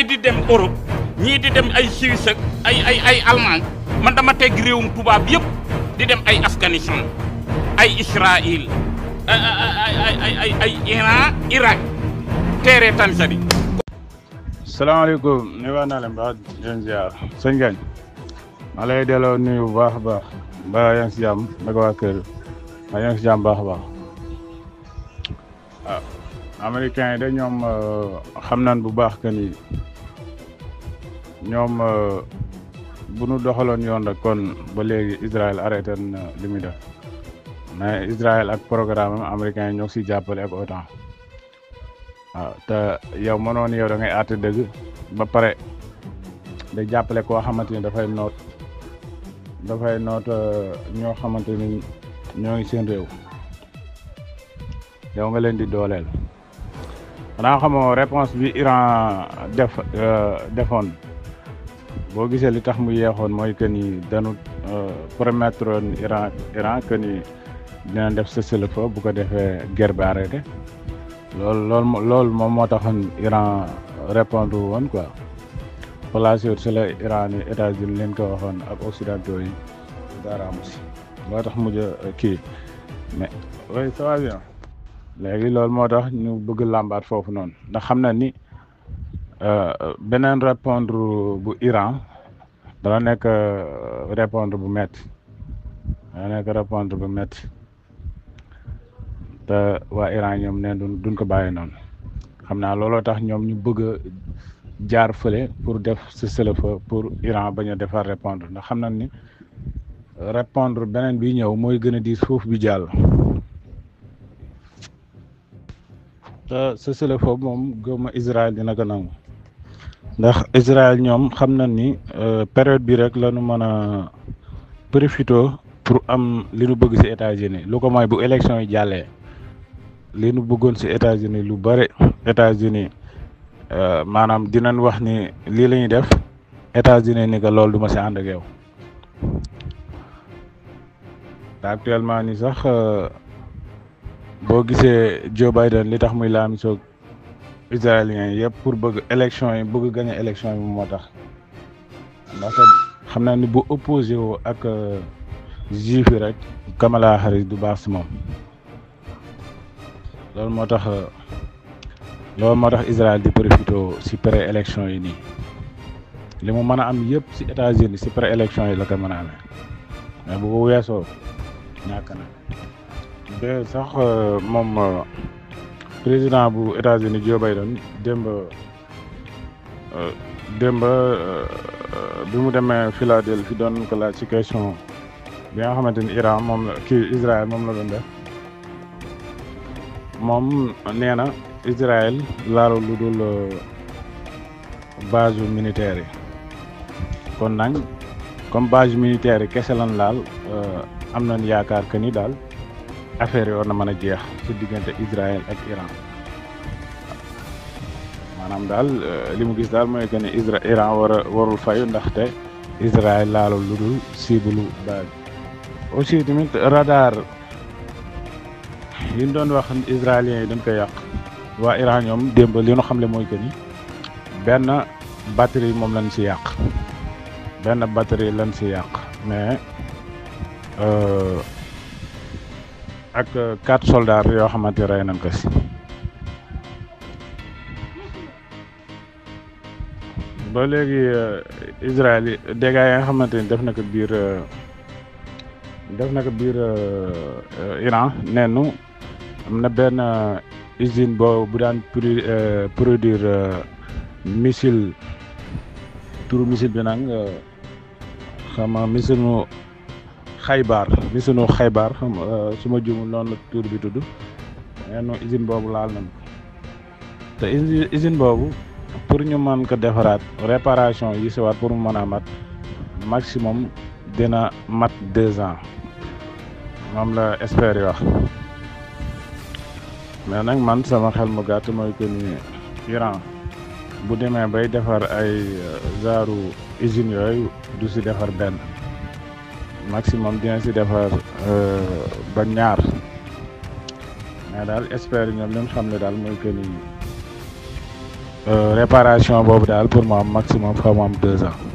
ay di dem europe ñi di dem ay suisse ay ay ay allemand man dama teg di dem ay afghanistan ay Israel, ay ay ay ay ay iran irak terre tanzani alaykum ne wa na le baax jeun ziar sëñ gañ ma lay delloo nuyu bax bax ba yang siam si jàmm nag ba yang siam bax bax ah, américain yi de euh, ñoom euh, bu nu doxaloon yoon rek kon ba léegi Israël arrêté na li muy def mais Israël ak programme américain yi ñoo siy jàppale ak OTAN waaw te yow mënoon yow dëgg ba pare da jàppale koo xamante ni dafay noot dafay noot euh, ñoo xamante ni ñoo ngi seen réew yow nga leen di dooleel xanaa xamoo réponse bi Iran euh, defoon boo gisee li tax mu yeexoon mooy que danu dañu euh, promettre Iran Iran que ni dina def cessez-le-feu bu ko defee guerre bi arrêté moom moo taxoon Iran répondre woon quoi place yooyu si la Iran yi États-Unis leen ko waxoon ak occidentaux yi dara amu si moo tax mujj euh, kii mais oui ça loolu moo tax ñu bëgg làmbaat foofu noonu ndax xam na ni. Euh, beneen répondre bu Iran dana nekk euh, répondre bu métti dana nekk répondre bu métti te waa Iran ñoom ne duñ ko bàyyi noonu xam naa looloo tax ñoom ñu bëgg a jaar fële pour def si sëlëfa pour Iran bañ defaa répondre ndax xam na ni répondre beneen bi ñëw mooy gën a diis foofu bu jàll te sa sëlëfa moom gëma Israël dina ko nangu ndax Israël ñoom xam na ni euh, période bi rek la ñu mën a profité pour am li bëgg ci États-Unis lu ko mooy bu élection yi jàllee li nu bëggoon ci États-Unis lu bare États-Unis euh, maanaam dinañ wax ni lii la ñuy def États-Unis ni que loolu du ma ci ànd ak yow actuellement ni sax euh, boo gisee Joe Biden li tax muy laamisoog israéliens yëpp pour bëgg élection yi bëgg gagné élection yi moo tax ndax xam naa ni bu opposé woo ak euh, juif yi rek Kamala Harris du baax si moom loolu moo tax euh, loolu moo tax Israël di profité si pré élection yi nii li mu mën a am yëpp si États-Unis si pré élection yi la ko mën a amee mais bu ko weesoo ñàkk euh, moom. président bu États-Unis Joe Biden démb euh, démb euh, bi mu demee Philadelphie doon ko laaj ci question bi nga xamante ni Iran moom la kii Israël moom la doon def moom nee na Israël laalu lu dul euh, base militaire yi kon nag comme base militaire yi kese lan laal am nañ yaakaar que daal. affaire yi war na mën a jeex ci diggante Israël ak Iran maanaam daal euh, li mu gis daal mooy que ne Isra Iran war warul fayu ndaxte Israël laalul lu dul siibulu baa aussi tamit radar yi doon wax israéliens yi dañ koy yàq waa Iran ñoom démb li ñu xamle mooy que ni benn batterie moom lañ si yàq benn batterie lañ si yàq mais. Euh, ak euh, quatre soldats yoo xamante rey nañ ko si. ba léegi euh, Israël yi dégâts yi nga xamante ni def na ko biir euh, def na ko biir Iran neenu am na benn usine boo bu daan produire missile turu missile bi nag xam missile mu. xaybaar mi sunu xaybaar xam euh, su ma jumul noonu la tur bi tudd eh, usine boobu laal na ko te usine boobu pour ñu man ko defaraat réparation yi si waat pour mu mën a mat maximum dina mat deux ans moom la expert yi wax mais nag man sama xel mu gàtt mooy que ni Iran bu demee bay defar ay zaaru euh, usines yooyu du si defar benn maximum bien si defar euh, ba ñaar mais daal expert yi ñoom li xam ne daal mooy que ni euh, réparation boobu daal pour mu am maximum xaw ma am deux ans.